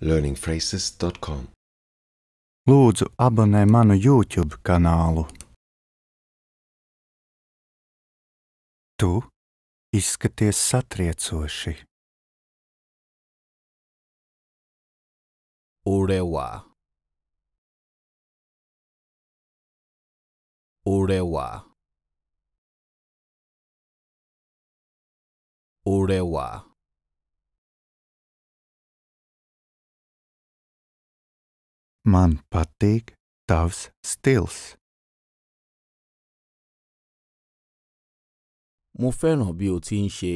learningphrases.com. Lūdzu, abonē manu YouTube kanālu. Tu izskaties satriecoši. Urewa. Urewa. Urewa. Man patīk tavs stils. Mo fẹ́ràn bí o ti ń ṣe.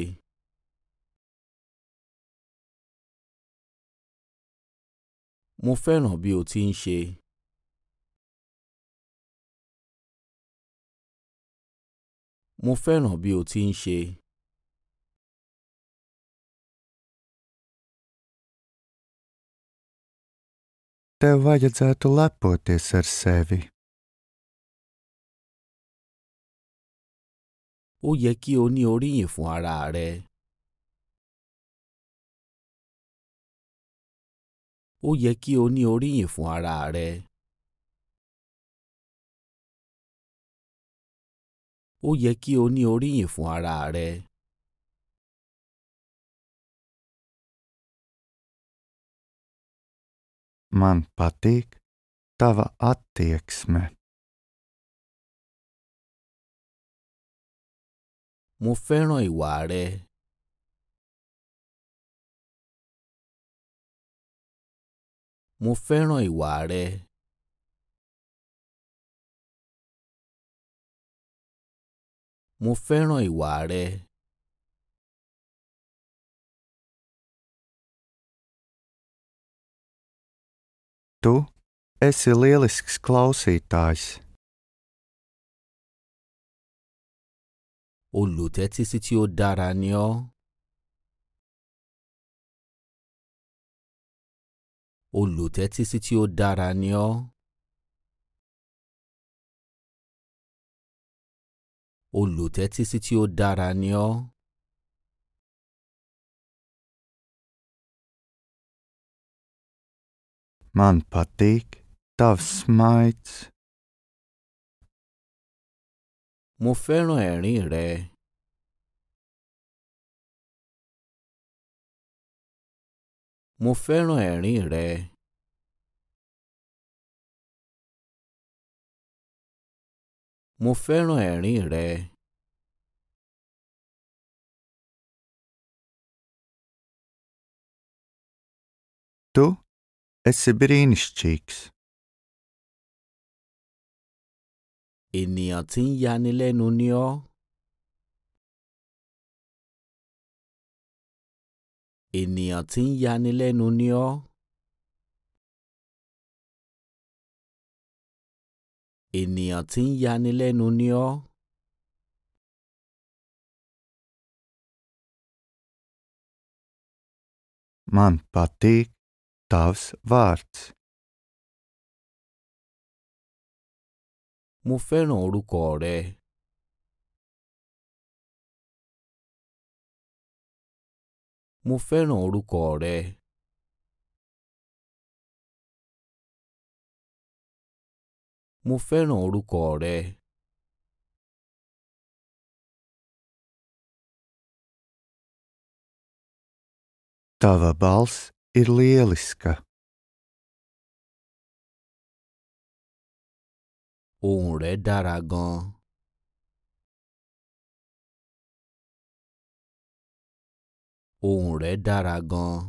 Mo fẹ́ràn bí o ti ń ṣe. Mo fẹ́ràn bí o ti ń ṣe. Tev vajadzētu lepoties ar sevi. Ó yẹ kí o ní oríyìn fún ara rẹ. Ó yẹ kí o ní oríyìn fún ara rẹ. Ó yẹ kí o ní oríyìn fún ara rẹ. Man patīk tava attieksme. Mu fẹ́ràn ìwà Mu Mo fẹ́ràn Mu rẹ. Mo Tu esi lielisks klausītājs. Olùtẹ́tísí tí ó dára ni ọ́. Olùtẹ́tísí tí ó Man patīk tavs smaids. Mo fẹ́ràn ẹ̀rín rẹ. Mo fẹ́ràn ẹ̀rín rẹ. Mo fẹ́ràn ẹ̀rín rẹ. Tu Esi brīnišķīgs. Ènìyàn tí ń yanilẹ́nu ni ọ́. Ènìyàn tí ń yanilẹ́nu ni ọ́. Ènìyàn tí ń yanilẹ́nu Man patik. Tavs vārds. Mo fẹ́ràn orúkọ rẹ. Mo fẹ́ràn orúkọ rẹ. Mo fẹ́ràn orúkọ rẹ. Tava balss ir lieliska. Ohùn rẹ̀ gan-an. Ohùn gan-an.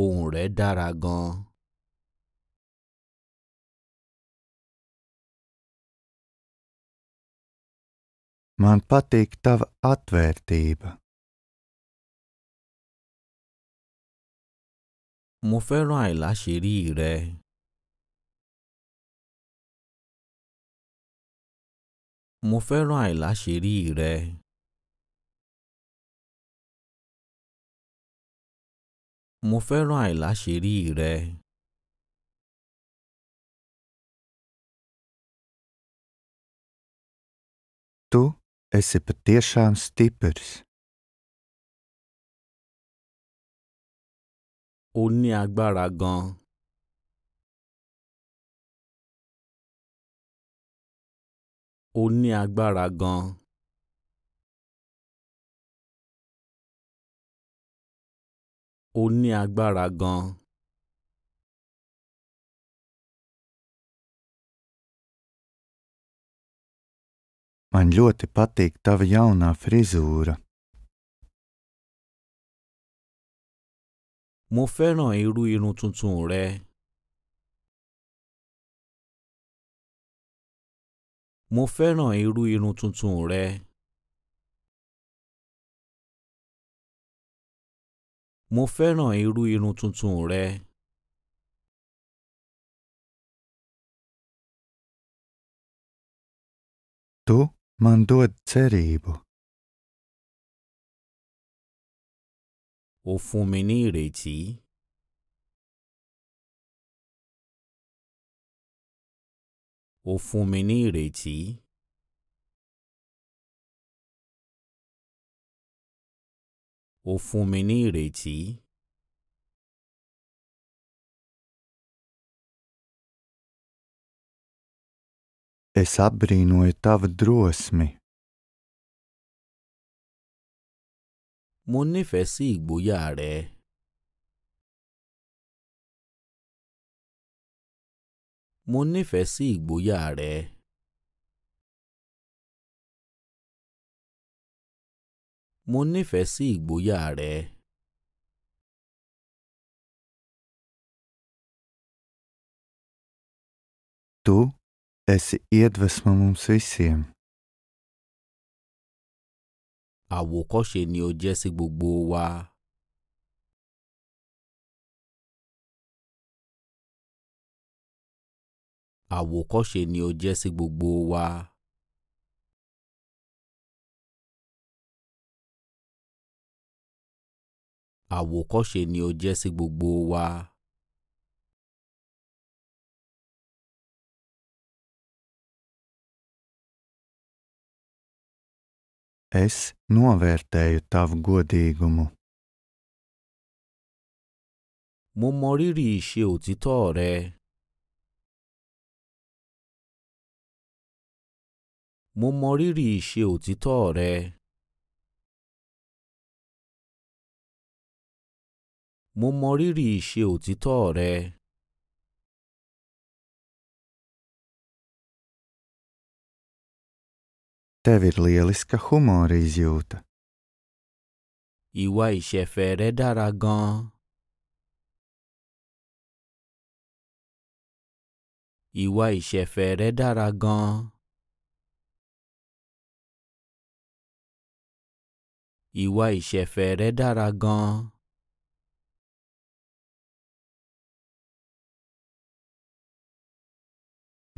Ohùn gan Man patīk tava atvērtība. Mo fẹ́ràn àìláṣẹ́rí rẹ. Mo fẹ́ràn àìláṣẹ́rí rẹ. Mo fẹ́ràn àìláṣẹ́rí rẹ. Tu esi patiešām stiprs. O ní agbára gan-an. O ní agbára gan-an. O ní agbára gan Man ļoti patīk tava jaunā frizūra. Mo fẹ́ràn irú irun tuntun rẹ. Mo fẹ́ràn irú irun tuntun rẹ. Mo fẹ́ràn irú irun tuntun rẹ. Tu man dod cerību. Ó fún mi ní ìrètí. Ó fún mi ní ìrètí. Ó fún Es apbrīnoju tavu drosmi. Mo nífẹ̀ẹ́ sí ìgboyà rẹ. Mo nífẹ̀ẹ́ sí ìgboyà rẹ. Mo esi iedvesma mums visiem. Àwòkọ́ṣe ni o jẹ́ sí gbogbo wa. Àwòkọ́ṣe ni o jẹ́ sí gbogbo wa. Àwòkọ́ṣe ni o jẹ́ sí gbogbo wa. es novērtēju tavu godīgumu. Mo mọ rírì ìṣe òtítọ́ rẹ. Mo mọ rírì ìṣe òtítọ́ rẹ. Mo mọ rírì ìṣe òtítọ́ rẹ. Tev ir lieliska humora izjūta. Ìwà ìṣẹ̀fẹ̀ rẹ dára gan-an. Ìwà ìṣẹ̀fẹ̀ rẹ dára gan-an. Ìwà ìṣẹ̀fẹ̀ rẹ dára gan-an.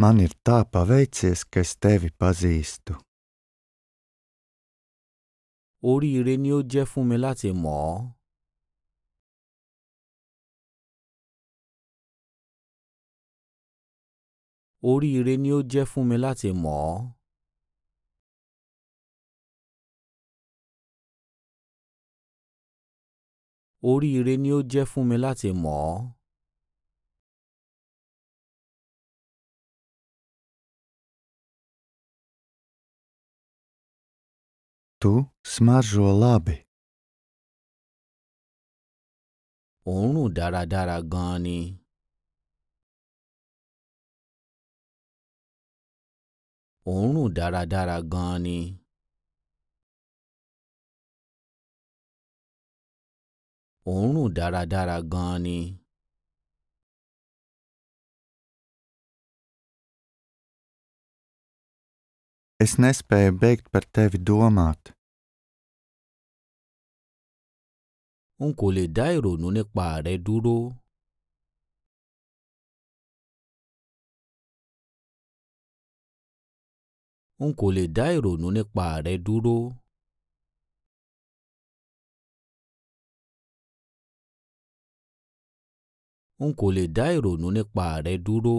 Man ir tā paveicies, ka es tevi pazīstu. oríire ni ó jẹ́ fún mi láti mọ̀ ọ́. oríire ni ó jẹ́ fún mi láti mọ̀ ọ́. oríire ni ó jẹ́ fún mi láti mọ̀ ọ́. Tu smaržo labi. Òórùn dáradára dara an ni. Òórùn dara gan-an ni. dara dáradára gan Es nespēju beigt par tevi domāt. N kò lè dá ìrònú nípa rẹ dúró. N kò lè dá ìrònú nípa rẹ dúró. N kò lè dá ìrònú nípa rẹ dúró.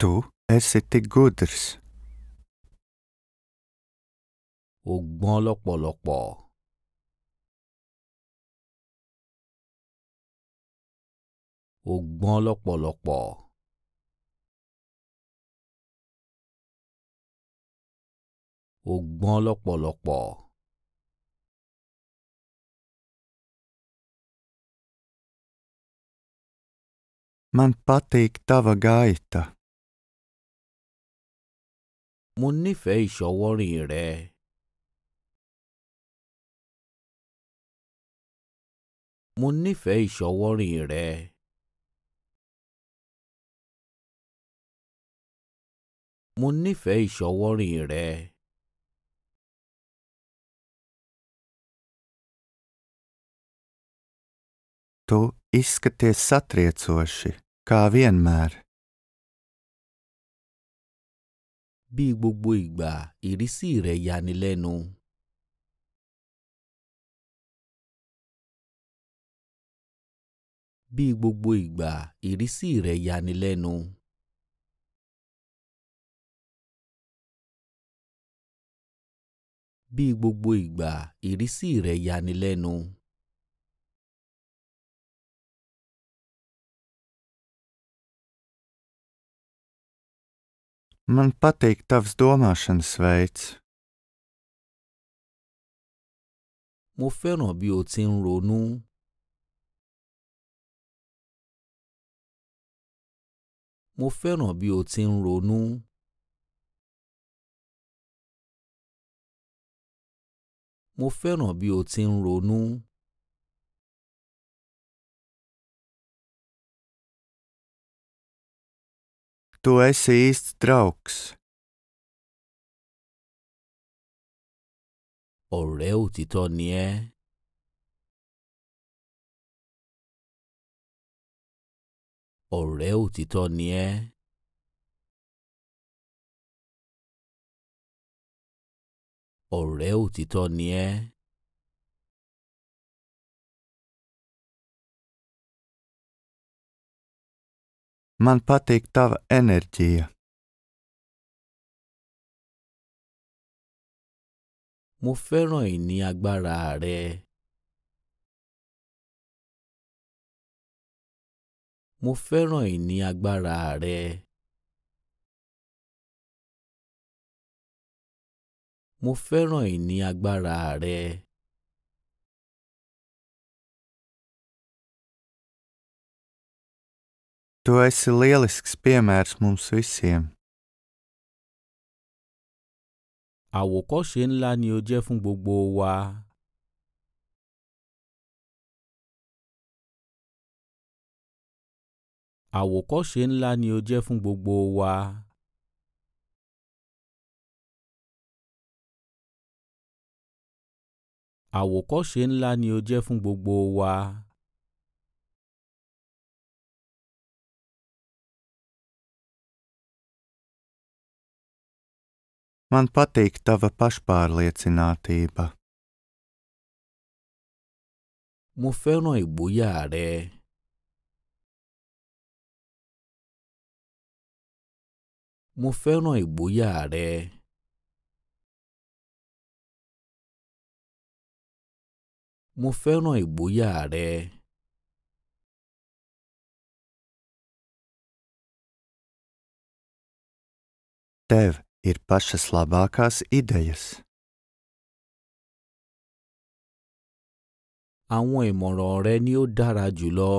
Tu esi tik gudrs. O gbọ́n lọ́pọ̀lọpọ̀. O gbọ́n lọ́pọ̀lọpọ̀. Man patīk tava gaita. mo nífẹ̀ẹ́ ìṣọwọ́rìn rẹ. mo nífẹ̀ẹ́ ìṣọwọ́rìn rẹ. mo nífẹ̀ẹ́ ìṣọwọ́rìn rẹ. Tu izskaties satriecoši, kā vienmēr. Bí gbogbo ìgbà, ìrísí rẹ̀ yani lẹ́nu. Bí gbogbo ìgbà, ìrísí rẹ̀ yani lẹ́nu. Bí gbogbo ìgbà, ìrísí rẹ̀ yani lẹ́nu. Man patīk tavs domāšanas veids. Mo fẹ́ràn bí o ti ń ronú. Mo fẹ́ràn bí o ti ń ronú. Mo fẹ́ràn bí o ti ń ronú. tu esi īsts draugs. Ọ̀rẹ́ òtítọ́ ni ẹ́. Ọ̀rẹ́ òtítọ́ ni ẹ́. Ọ̀rẹ́ òtítọ́ ni ẹ́. Man patīk tava enerģija. Mo fẹ́ràn ìní agbára rẹ. Mo fẹ́ràn ìní agbára rẹ. Mo fẹ́ràn ìní agbára rẹ. Tu esi lielisks piemērs mums visiem. Àwòkọ́ṣe ńlá ni o jẹ́ fún gbogbo wa. Àwòkọ́ṣe ńlá ni o jẹ́ fún gbogbo wa. Àwòkọ́ṣe ńlá ni o jẹ́ fún gbogbo wa. Man patīk tava pašpārliecinātība. Mo fẹ́ràn ìgboyà rẹ. Mo fẹ́ràn ìgboyà rẹ. Mo fẹ́ràn ìgboyà rẹ. Tev ir pašas labākās idejas. Àwọn ìmọ̀ràn rẹ ni ó dára jùlọ.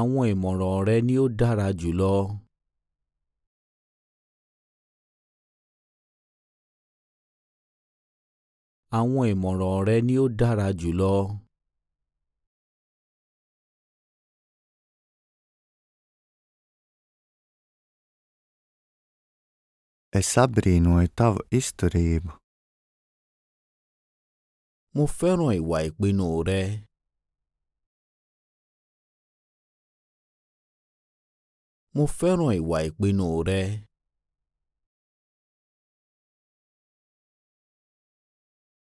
Àwọn ìmọ̀ràn rẹ ni ó dára jùlọ. Àwọn ìmọ̀ràn rẹ ni ó dára jùlọ. Es abrīnoju tavu izturību. Mo fẹ́ràn ìwà ìpinnu rẹ. Mo fẹ́ràn ìwà ìpinnu rẹ.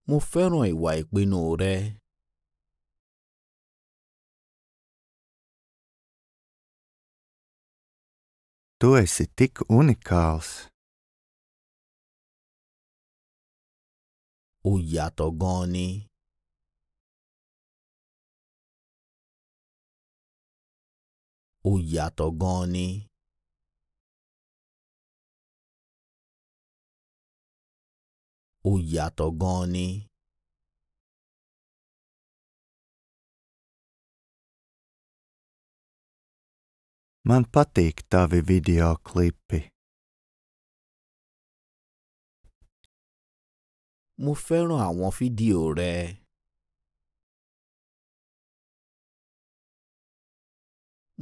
Mo fẹ́ràn ìwà ìpinnu rẹ. Tu esi tik unikāls. ó yàtọ̀ gan-an ni. ó yàtọ̀ gan-an ni. ó yàtọ̀ gan-an ni. Man patīk tavi videoklipi. mo fẹ́ràn àwọn fídíò rẹ.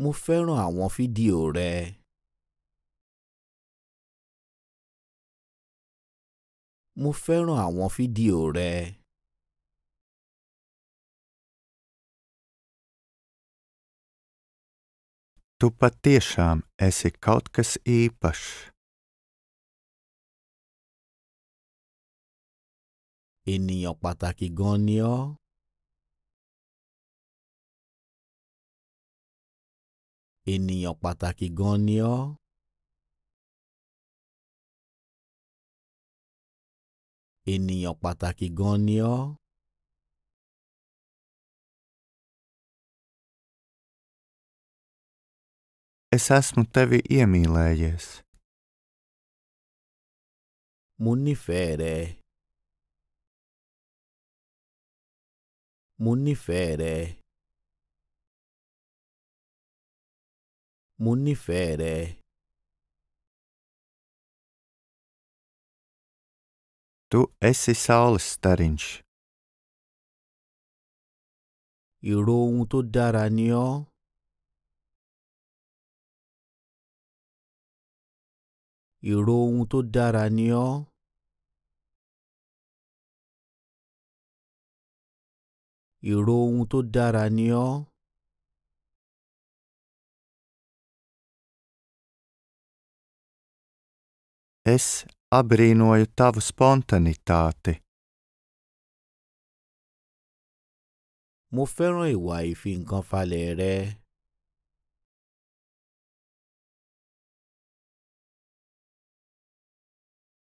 mo fẹ́ràn àwọn fídíò rẹ. mo fẹ́ràn àwọn fídíò rẹ. Tu patiešām esi kaut kas īpašs. ènìyàn pàtàkì gan ni ọ́. ènìyàn pàtàkì gan ni ọ́. ènìyàn pàtàkì gan ni ọ́. Es esmu tevi iemīlējies. Mo nífẹ̀ẹ́ Munifere. Munifere. Tu esi saules stariņš. Ìró tu tó dára ni tu Ìró Èrò ohun tó dára ni ọ́. Es abrīnoju tavu spontanitāti. Mo fẹ́ràn ìwà ìfi-nǹkan-falẹ̀ rẹ.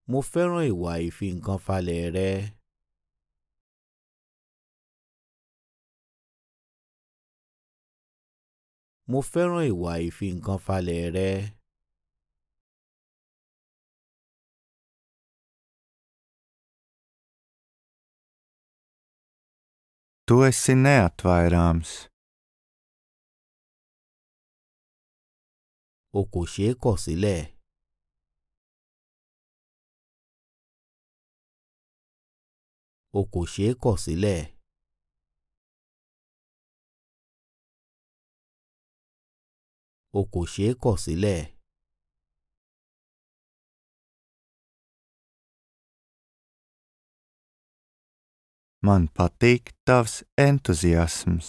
Mo fẹ́ràn ìwà ìfi-nǹkan-falẹ̀ rẹ. Mo fẹ́ràn ìwà ìfi-nǹkan-falẹ̀ rẹ. Tu esi neatvairāms. O kò ṣeé kọ̀ sílẹ̀. O kò ṣeé kọ̀ sílẹ̀. o kò ṣeé kọ̀ sílẹ̀. Man patīk tavs entuziasms.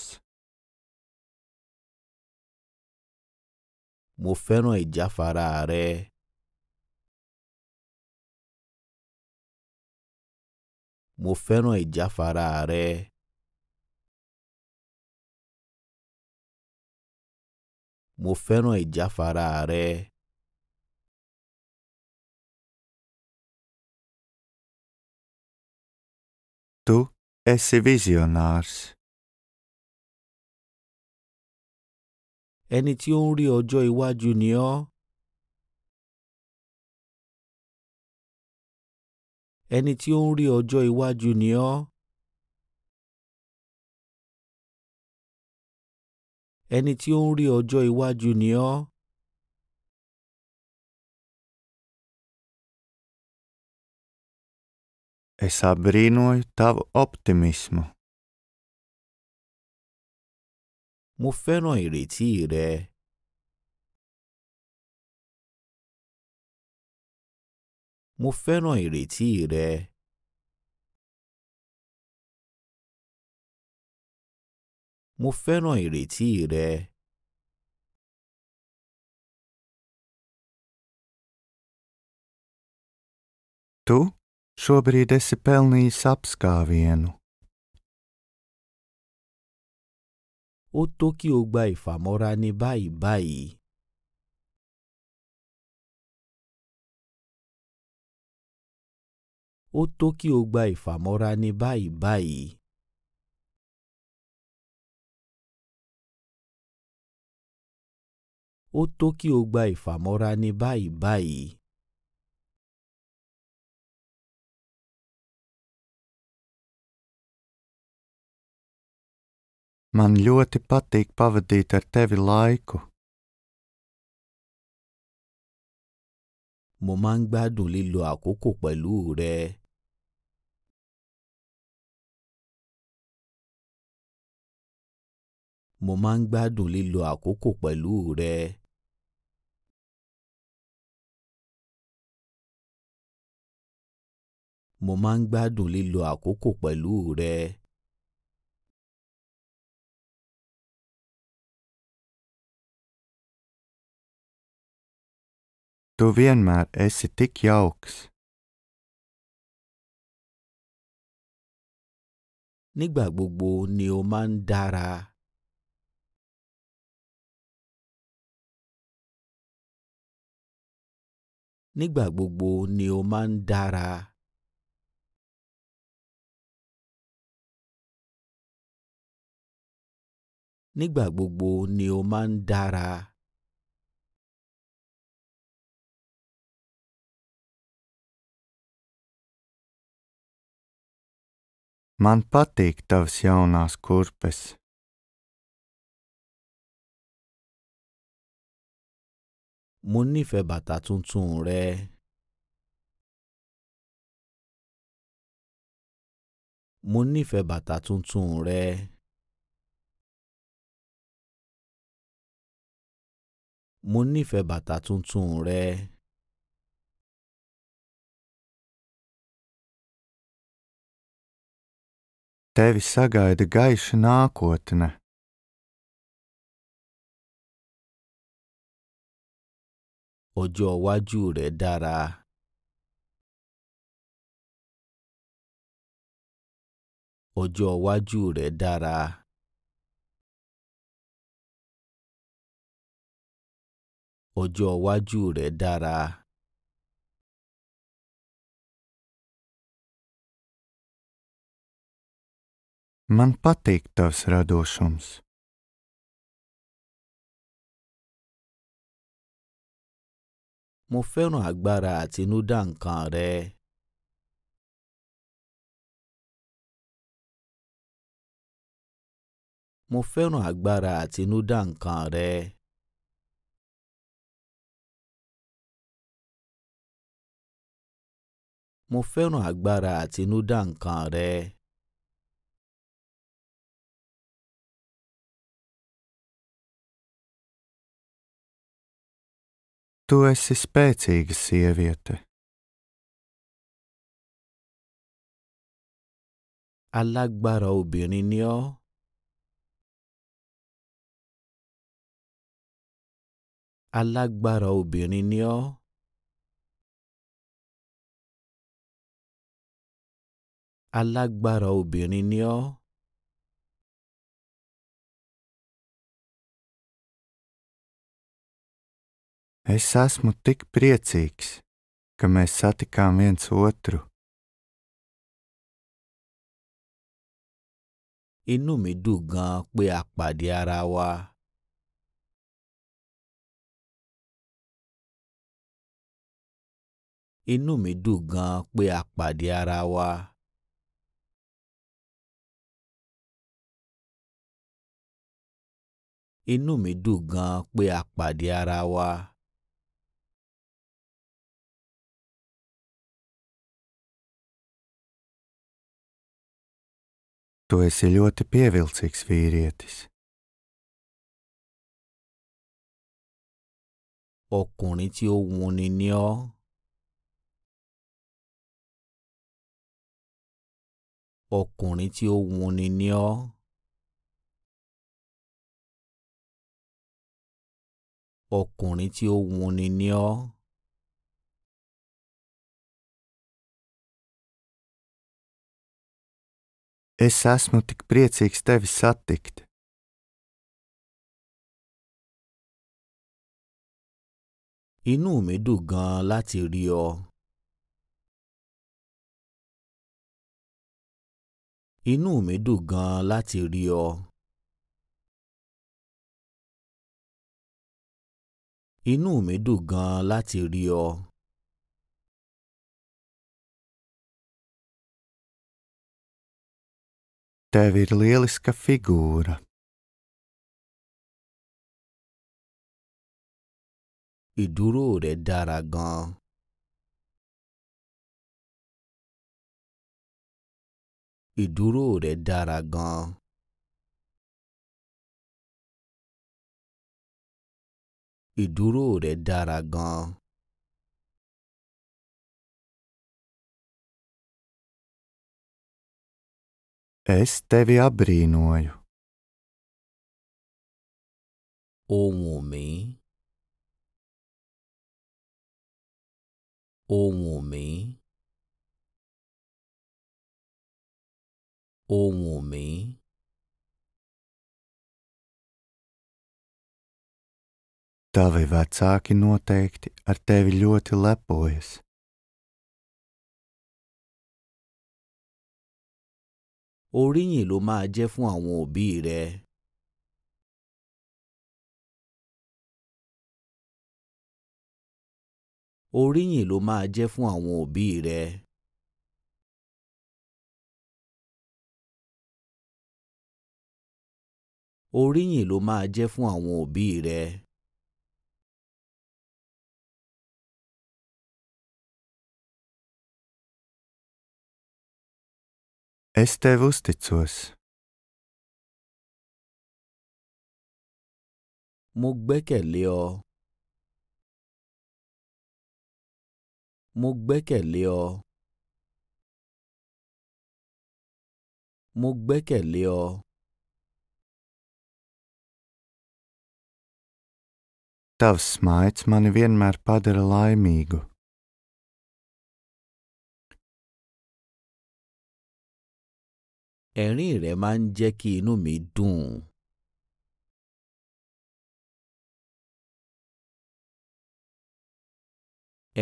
Mo fẹ́ràn ìjáfara rẹ. Mo fẹ́ràn ìjáfara rẹ. Mo fẹ́ràn ìjáfara rẹ. Tu esi visionārs. Ẹni tí ó ń rí ọjọ́ iwájú ni ọ́. Ẹni tí ó ń rí ọjọ́ iwájú ni ọ́. ẹni tí ó ń rí ọjọ́ iwájú ni ọ́. Es abrīnoju tavu optimismu. Mo fẹ́ràn ìrètí rẹ. Mo fẹ́ràn ìrètí rẹ. mo fẹ́ràn ìrètí rẹ. Tu šobrīd esi pelnījis apskāvienu. Ó tó kí o gba ìfàmọ́ra ní báyìí báyìí. Ó tó kí o gba ìfàmọ́ra ní báyìí báyìí. ó tó kí o gba ìfàmọ́ra ní báyìí báyìí. Man ļoti patīk pavadīt ar tevi laiku. Mo máa ń gbádùn lílo àkókò pẹ̀lú rẹ. Mo máa ń gbádùn lílo àkókò pẹ̀lú rẹ. mo máa ń gbádùn lílo àkókò pẹ̀lú rẹ. Tu vienmēr esi tik jauks. Nígbà gbogbo ni o máa ń dára. Nígbà gbogbo ni o máa ń dára. nígbà gbogbo ni o máa ń dára. Man patīk tavas jaunās kurpes. Mo nífẹ̀ẹ́ bàtà tuntun rẹ. Mo nífẹ̀ẹ́ bàtà tuntun rẹ. Mo nífẹ̀ẹ́ bàtà tuntun rẹ. Tevi sagaida gaiša nākotne. Ọjọ́ iwájú rẹ dára. Ọjọ́ iwájú rẹ dára. ọjọ́ iwájú rẹ̀ dára. Man patīk tavs radošums. Mo fẹ́ràn agbára àtinúdá nǹkan rẹ. Mo fẹ́ràn agbára àtinúdá nǹkan rẹ. Mo fẹ́ràn agbára àtinúdá nǹkan rẹ. Tu esi spēcīga sieviete. Alágbára obìnrin ni ọ́. Alágbára obìnrin ni ọ́. Alágbára obìnrin ni ọ́. Es esmu tik priecīgs, ka mēs satikām viens otru. Inú mi dùn gan pé a pàdé ara wa. Inú mi dùn gan pé a pàdé ara wa. inú mi dùn gan-an pé a pàdé ara wa Tu esi ļoti pievilcīgs Ọkùnrin tí ó ní ọ́. ọkùnrin tí ó wuni ni ọ́. Es esmu tik priecīgs tevi satikt. Inú mi dùn gan-an láti rí ọ. Inú mi dùn gan-an láti rí ọ. inú mi dùn gan-an láti rí ọ Tev ir lieliska figūra. Ìdúró rẹ dára gan-an. Ìdúró rẹ dára gan-an. ìdúró rẹ̀ dára gan-an. Es tevi apbrīnoju. Ohùn mi. Ohùn mi. Ohùn Tavi vecāki noteikti ar tevi ļoti lepojas. Oríyìn ló máa jẹ́ fún àwọn òbí rẹ. Oríyìn ló máa jẹ́ fún àwọn òbí rẹ. Oríyìn ló máa jẹ́ fún àwọn òbí rẹ. Es tev uzticos. Mo gbẹ́kẹ̀lé ọ. Mo gbẹ́kẹ̀lé ọ. Mo gbẹ́kẹ̀lé ọ. Tavs smaids mani vienmēr padara laimīgu. ẹ̀rín rẹ̀ máa ń jẹ́ kí inú mi dùn.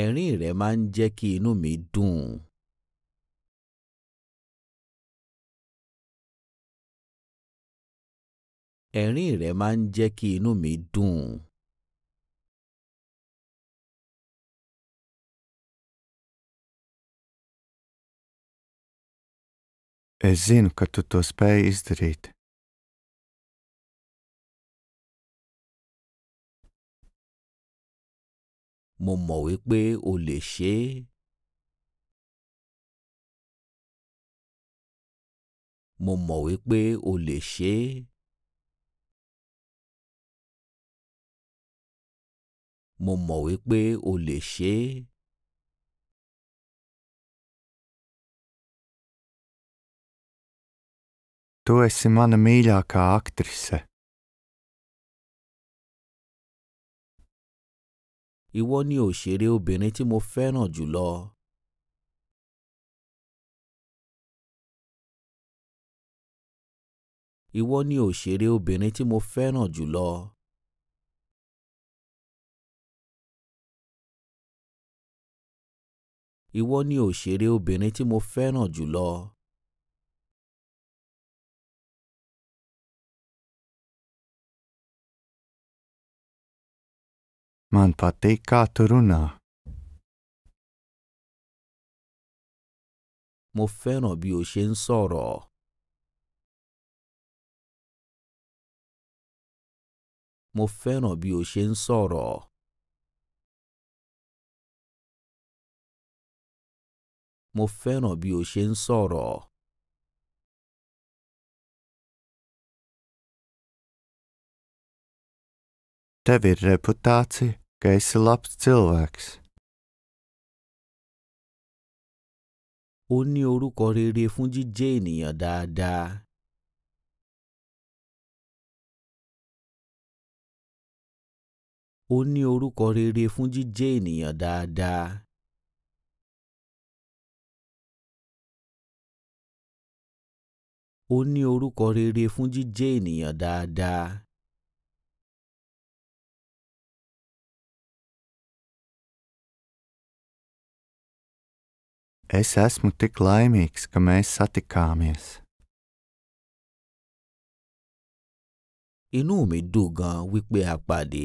ẹ̀rín rẹ̀ máa ń jẹ́ kí inú mi dùn. ẹ̀rín rẹ̀ máa ń jẹ́ kí inú mi dùn. Es zinu, ka tu to spēj izdarīt. Mo mọ̀ wípé o lè ṣe é. Mo mọ̀ wípé o lè ṣe é. Mo mọ̀ wípé o lè ṣe é. Tu esi mana mīļākā aktrise. Ìwọ ni òṣèré obìnrin tí mo fẹ́ràn jùlọ. Ìwọ ni òṣèré obìnrin tí mo fẹ́ràn jùlọ. Ìwọ ni òṣèré obìnrin tí mo fẹ́ràn jùlọ. Man patīk, kā tu runā. Mo fẹ́ràn bí o ṣe ń sọ̀rọ̀. Mo fẹ́ràn bí o ṣe ń sọ̀rọ̀. Mo fẹ́ràn bí o ṣe ń sọ̀rọ̀. Tev ir reputācija ka esi labs cilvēks. Ó ní orúkọ rere fún jíjẹ́ ènìyàn dáadáa. Ó ní orúkọ rere fún jíjẹ́ ènìyàn dáadáa. Ó ní orúkọ rere fún jíjẹ́ ènìyàn dáadáa. Es esmu tik laimīgs, ka mēs satikāmies. Inú mi dùn gan wípé a pàdé.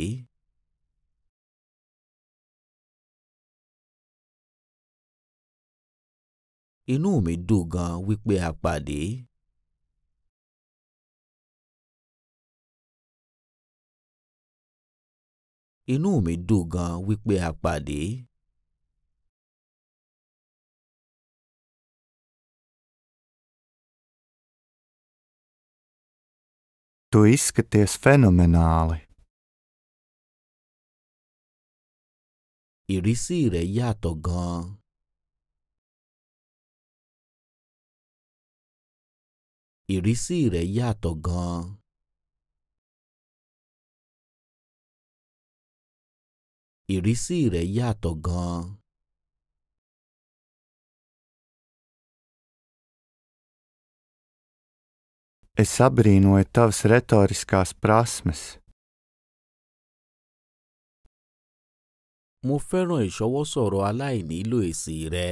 Inú mi dùn gan wípé a pàdé. Inú mi dùn gan wípé a pàdé. Tu izskaties fenomenāli. Ìrísí rẹ̀ yàtọ̀ gan-an. Ìrísí rẹ̀ yàtọ̀ gan Es abrīnoju tavas retoriskās prasmes. Mo fẹ́ràn ìṣọwọ́sọ̀rọ̀ aláìnílò èsì rẹ.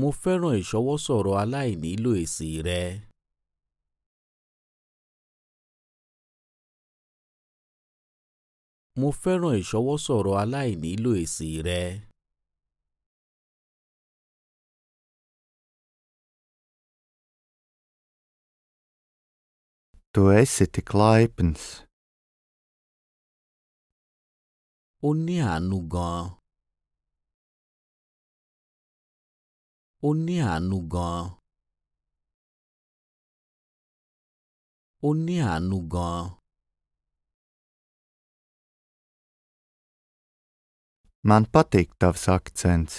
Mo fẹ́ràn ìṣọwọ́sọ̀rọ̀ aláìnílò èsì rẹ. Mo fẹ́ràn ìṣọwọ́sọ̀rọ̀ aláìnílò èsì rẹ. Tu esi tik laipns. Ó ní àánú gan-an. Ó ní àánú gan-an. Ó ní Man patīk tavs akcents.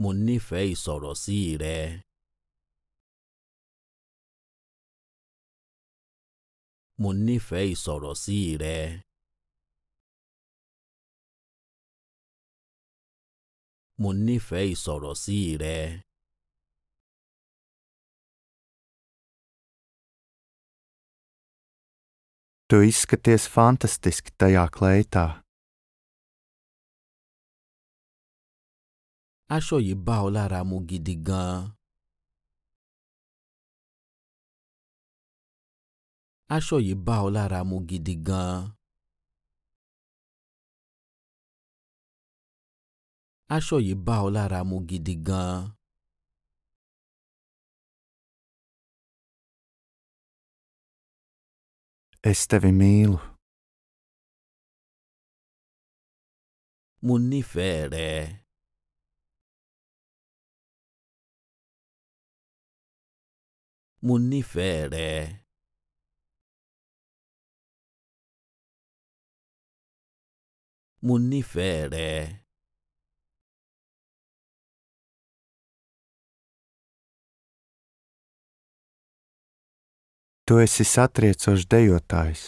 Mo nífẹ̀ẹ́ ìsọ̀rọ̀sí mo nífẹ̀ẹ́ ìsọ̀rọ̀ sí rẹ. mo nífẹ̀ẹ́ ìsọ̀rọ̀ sí rẹ. Tu izskaties fantastiski tajā kleitā. Aṣọ yìí bá ọ aṣọ yìí bá ọ lára mu gidi gan-an. aṣọ yìí bá ọ lára mu gidi gan Es tevi mīlu. Mo nífẹ̀ẹ́ rẹ. Mo nífẹ̀ẹ́ rẹ. mo nífẹ̀ẹ́ rẹ. Tu esi satriecošs dejotājs.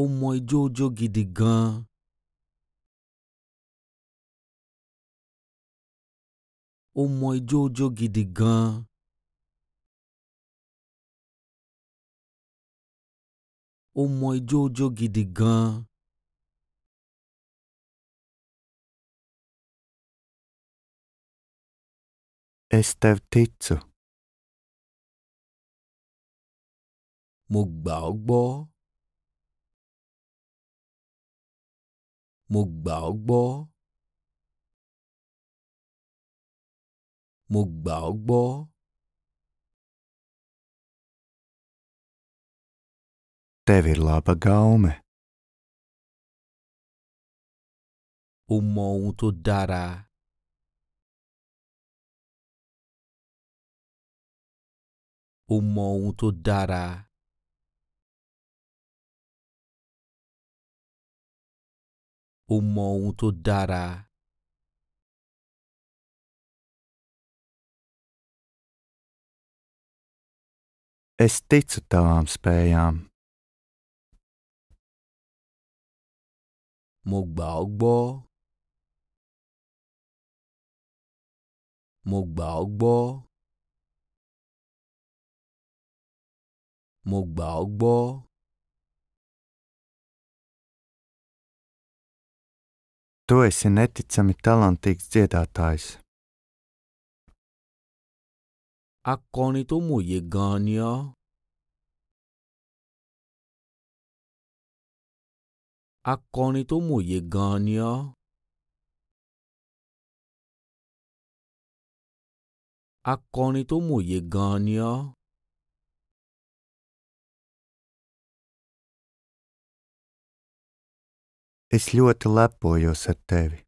Ó mọ ijó jó gidi gan-an. Ó mọ ijó jó gidi gan ó mọ ijó jó gidi gan-an. Es tev ticu. Mo gbà ọ́ gbọ́. Mo gbà ọ́ gbọ́. Mo gbà ọ́ gbọ́. Tev ir laba gaume. O mọ ohun tó dára. O mọ ohun O mọ ohun tó dára. Es ticu tavām spējām. Mo gbà ọ́ gbọ́. Mo gbà ọ́ gbọ́. Mo gbà ọ́ gbọ́. Tu esi neticami talantīgs dziedātājs. Akọrin tó mòye gan-an ni ọ́. Akọrin tó mòye gan-an ni ọ́. Akọrin tó mòye gan-an ni ọ́. Es ļoti lepojos ar tevi.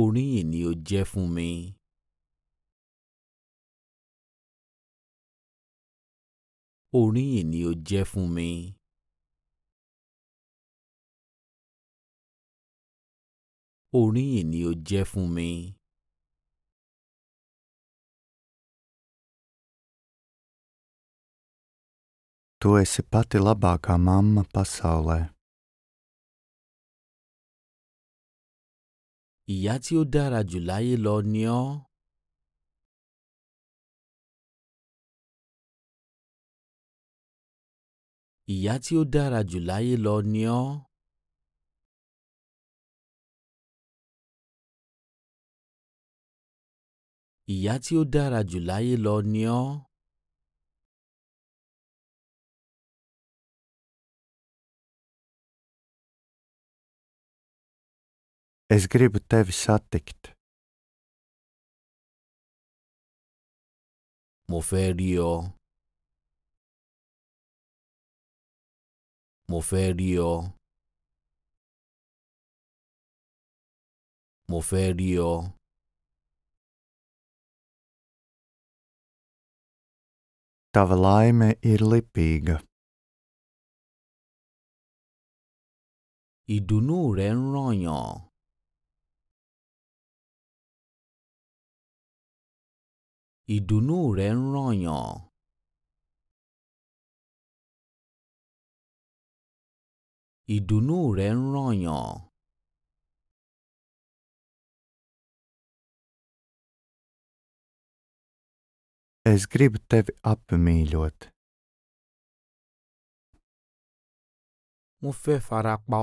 Oríyìn ni o jẹ́ fún mi. Oríyìn ni o jẹ́ fún mi. Oríyìn ni o jẹ́ fún mi. Tu esi pati labākā mamma pasaulē. Ìyá tí ó dára jù láyé lọ ni ọ́. Ìyá tí ó dára jù láyé lọ ni ọ́. Ìyá tí ó dára jù láyé lọ ni ọ́. Es gribu tevi satikt. Mo mo fẹ́ rí ọ. mo fẹ́ rí ọ. Tava laime ir lipīga. Ìdùnnú rẹ ń rànyàn. Ìdùnnú rẹ ń rànyàn. ìdùnnú rẹ̀ ń ròyàn. Es gribu tevi apmīļot. Mo fẹ́ fara pa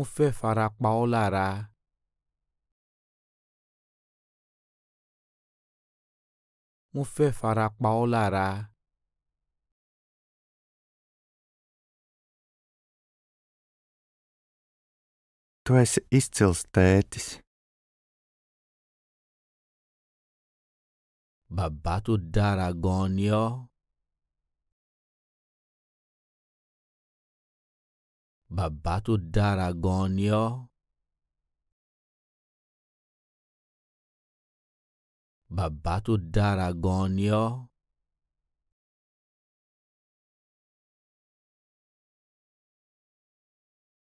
ọ́ fara pa wọ́n fẹ́ fara pa ọ́ lára. Tu esi izcils tētis. Bàbá tó dára gan-an ni ọ́. Bàbá gan-an bàbá tó dára gan-an ni ọ́.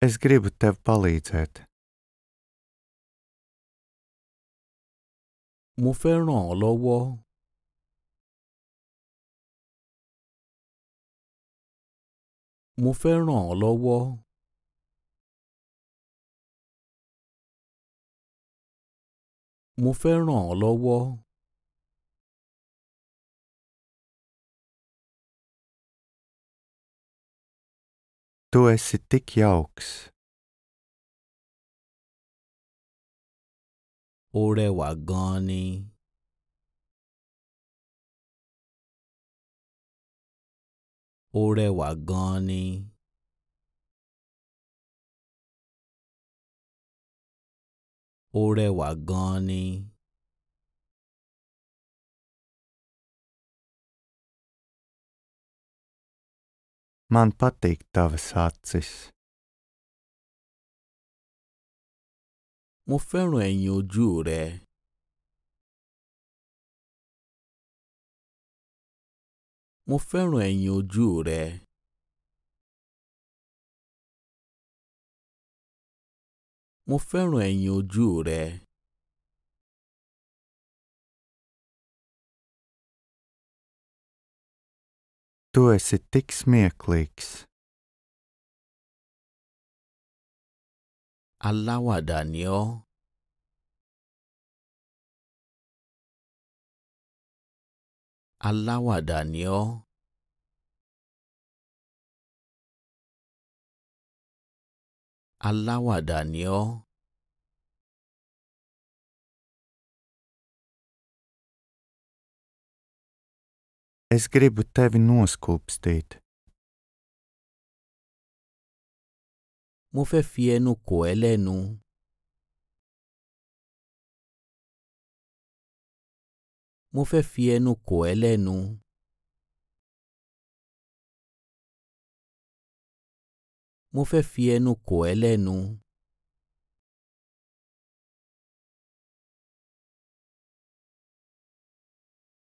Es gribu tev palīdzēt. Mo fẹ́ ràn ọ́ lọ́wọ́. Mo fẹ́ ràn ọ́ lọ́wọ́. Mo fẹ́ ràn ọ́ lọ́wọ́. Tu esi tik jauks. Ó rẹwà gan-an ni. Ó rẹwà gan ni. Ó rẹwà gan ni. Man patīk tavas acis. Mo fẹ́ràn ẹ̀yìn ojú rẹ. Mo fẹ́ràn ẹ̀yìn ojú rẹ. Mo fẹ́ràn ẹ̀yìn ojú rẹ. Tu esi tik smieklīgs. Aláwàdà ni ọ́. Aláwàdà ni ọ́. Es gribu tevi noskūpstīt. Mo fẹ́ fi ẹnu kò ẹ́ lẹ́nu.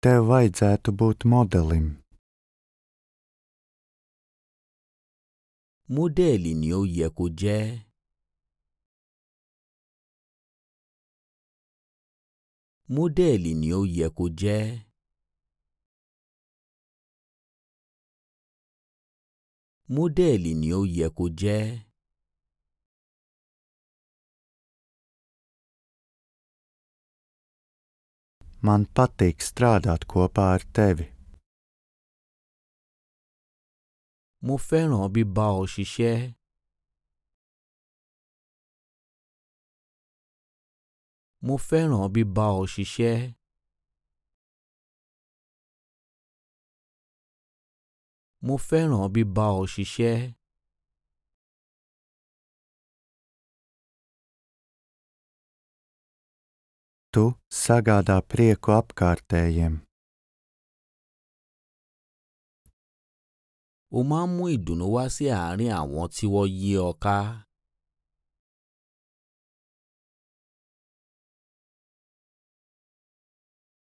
Tev vajadzētu būt modelim. Mọ́dẹ́lì ni ó yẹ kó jẹ́. Mọ́dẹ́lì ni ó yẹ kó jẹ́. Mọ́dẹ́lì ni ó yẹ Man patīk strādāt kopā ar tevi. Mo fẹ́ràn bíbá ọ ṣiṣẹ́. Mo fẹ́ràn bíbá ọ ṣiṣẹ́. Mo fẹ́ràn bíbá ọ ṣiṣẹ́. tu sagādā prieku apkārtējiem. O máa ń mú ìdùnnú wá sí àárín àwọn tí wọ́n yí ọ ká.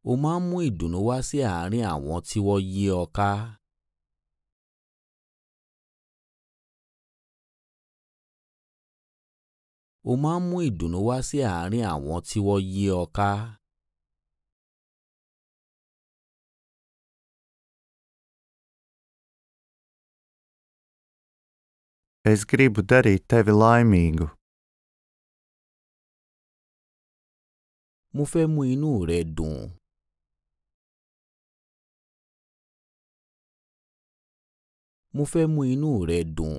O máa ń mú ìdùnnú wá sí àárín àwọn tí wọ́n yí ọ o máa ń mú ìdùnnú wá sí àárín àwọn tí wọ́n yí ọ ká. Es gribu darīt tevi laimīgu. Mo fẹ́ mú inú rẹ dùn. Mo fẹ́ mú inú rẹ dùn.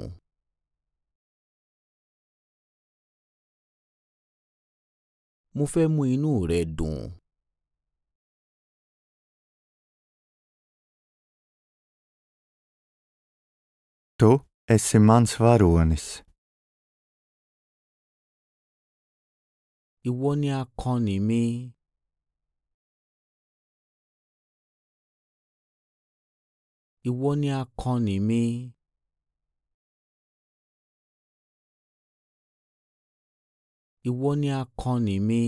mo fẹ́ mú inú rẹ dùn. Tu esi mans varonis. Ìwọ ni akọni mi. Ìwọ ni akọni mi. Ìwọ ni akọni mi.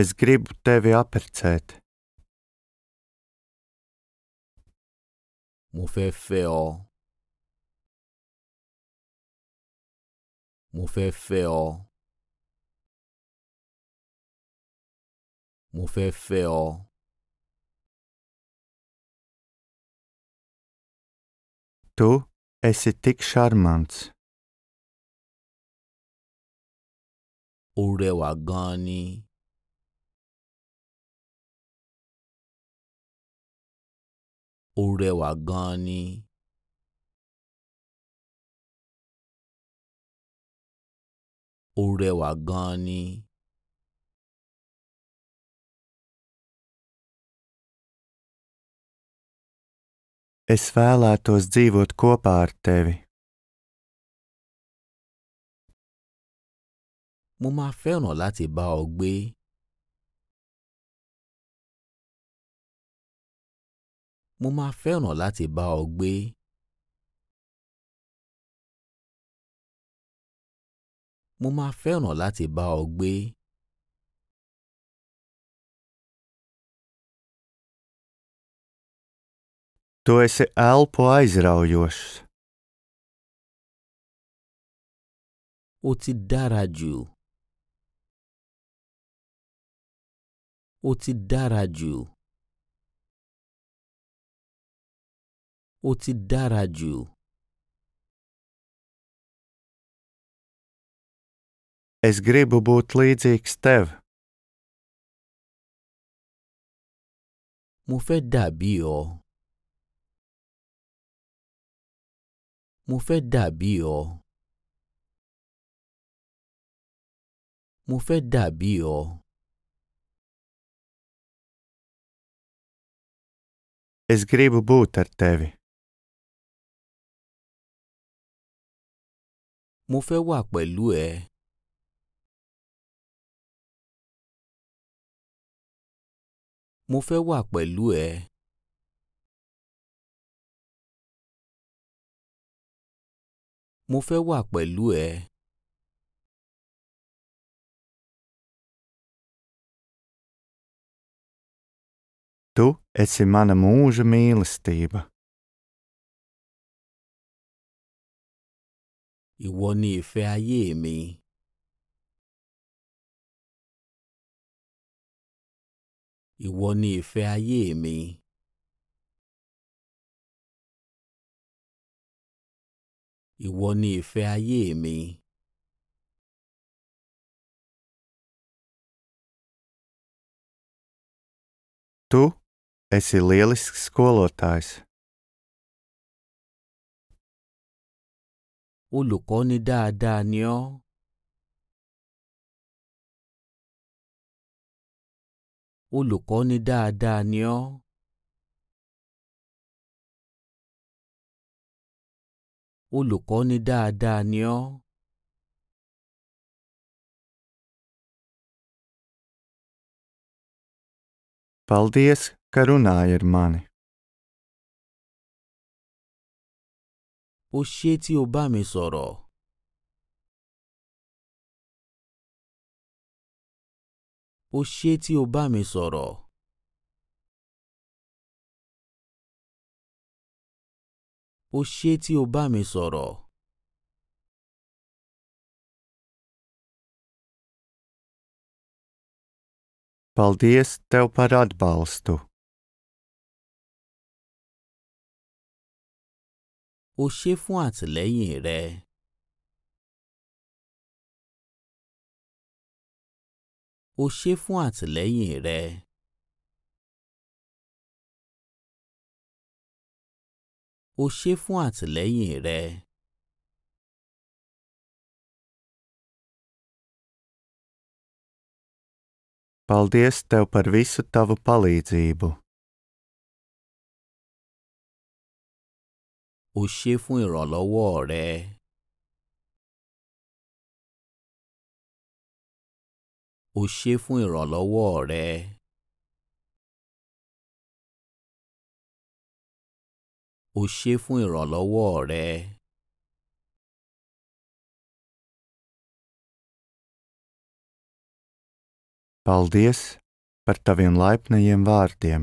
Es gribu tevi apprecēt. Mo fẹ́ fẹ́ ọ. Mo fẹ́ fẹ́ ọ. Mo fẹ́ fẹ́ ọ. Tu esi tik šarmants. Ó rẹwà gan-an ni. Ó Es vēlētos dzīvot kopā ar tevi. Mo máa fẹ́ràn láti bá ọ gbé. Mo máa fẹ́ràn láti bá Tu esi elpo aizraujošs. Ó ti dára jù. Ó ti dára jù. Ó ti dára jù. Es gribu būt līdzīgs tev. Mo fẹ́ Mo fẹ́ dàbí ọ. Mo fẹ́ dàbí ọ. Es gribu būt ar tevi. Mo fẹ́ wà pẹ̀lú ẹ. Mo fẹ́ wà pẹ̀lú ẹ. mo fẹ́ wà pẹ̀lú ẹ. Tu esi mana mūža mīlestība. Ìwọ ni ìfẹ́ ayé mi. Ìwọ ni ìfẹ́ ayé mi. Ìwọ ni ìfẹ́ ayé mi. Tu esi lielisks skolotājs. Olùkọ́ni dáadáa ni ọ́. Olùkọ́ni dáadáa ni ọ́. olùkọ́ni dáadáa ni ọ́. Paldies, ka runāji ar mani. O ṣé tí o bá mi sọ̀rọ̀. O ṣé tí o bá mi sọ̀rọ̀. o ṣé tí o bá mi sọ̀rọ̀. Paldies tev par atbalstu. O ṣé fún àtìlẹ́yìn rẹ. O ṣé fún àtìlẹ́yìn rẹ. o ṣé fún àtìlẹ́yìn rẹ. Paldies tev par visu tavu palīdzību. O ṣé fún ìrànlọ́wọ́ rẹ. O ṣé fún ìrànlọ́wọ́ rẹ. o ṣé fún ìrànlọ́wọ́ rẹ. Paldies par taviem laipnajiem vārdiem.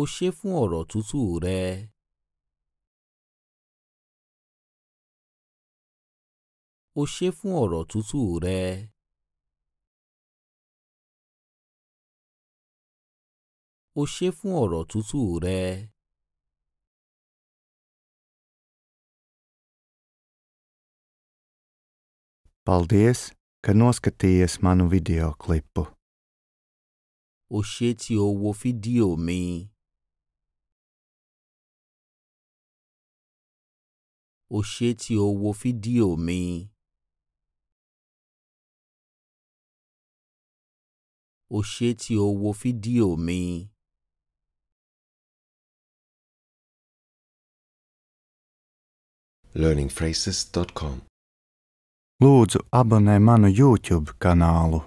O ṣé fún ọ̀rọ̀ tútù rẹ. O ṣé fún ọ̀rọ̀ tútù rẹ. o ṣé fún ọ̀rọ̀ tútù rẹ. Paldies, ka noskatījies manu video klipu. O ṣé tí o wo fídíò mi. O ṣé tí o wo fídíò mi. O ṣé tí o wo fídíò mi. learningphrases.com. Lūdzu, abonē manu YouTube kanālu.